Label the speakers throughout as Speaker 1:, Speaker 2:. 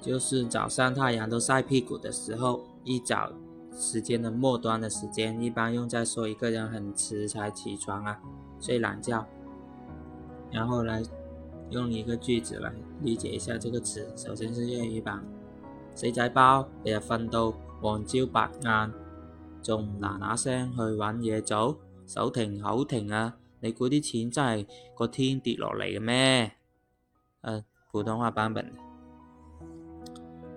Speaker 1: 就是早上太陽都曬屁股的時候，一早時間的末端的時間，一般用在說一個人很遲才起床啊，睡懶覺。然後來用一個句子來理解一下這個詞。首先是粵語版：死仔包，你日瞓到黃朝白晏，仲唔拿拿聲去搵嘢做，手停口停啊！你估啲錢真係個天跌落嚟嘅咩？嗯、呃，普通話版本。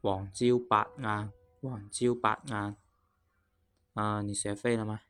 Speaker 1: 黃朝百晏，黃朝百晏啊，你學會了嗎？